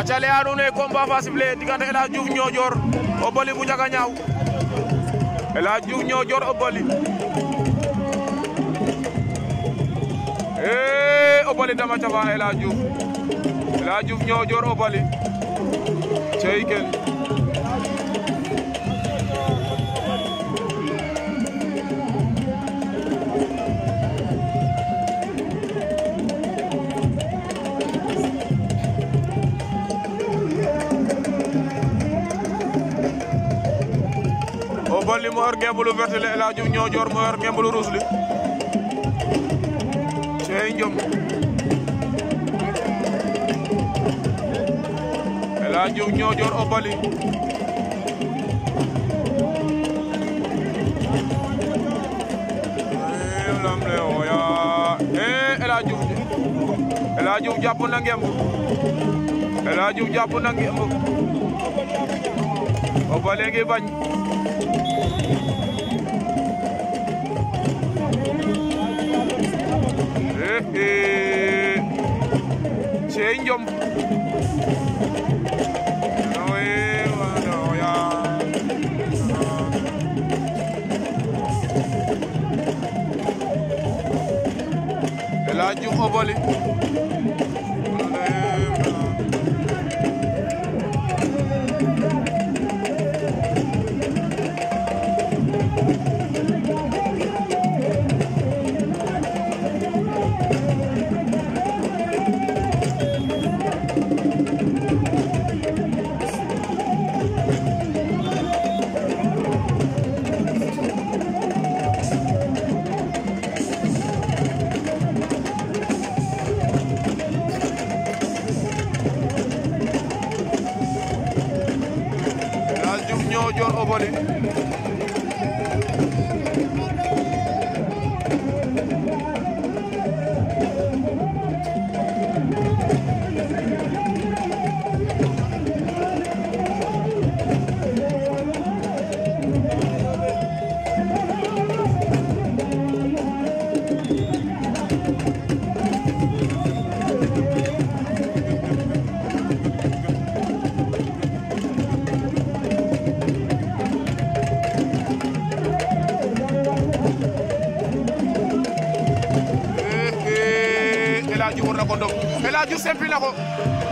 aca le andoona yee combat fa sifflé diggante El a Diouf Niodior o Boli bu Ndiaga El Hadj Diouf Niodior o Boli e dama cafaan El Hadj Diouf El Hadj Diouf Niodior o Boli Bolli moo yor ngemb lu vert li El Hadj Diouf Niodior moo yor ngemb lam le oya eh El Hadj Diouf El Hadj Diouf jàpp na ngemb El bañ dey njom El Hadji Obaly Ojoor Oboli Mela Diouf war na ko ndog Mela Diouf ko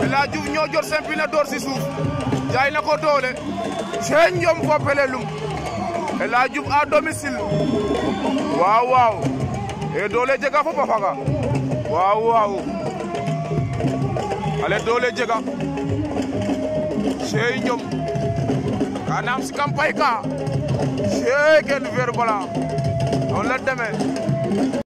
Mela Diouf ñoo door si suuf jaay na ko doole seen ñoom ko pelelum Mela Diouf à domicile waaw waaw e doole jega fop a si kam pay ka sey ken ver la demee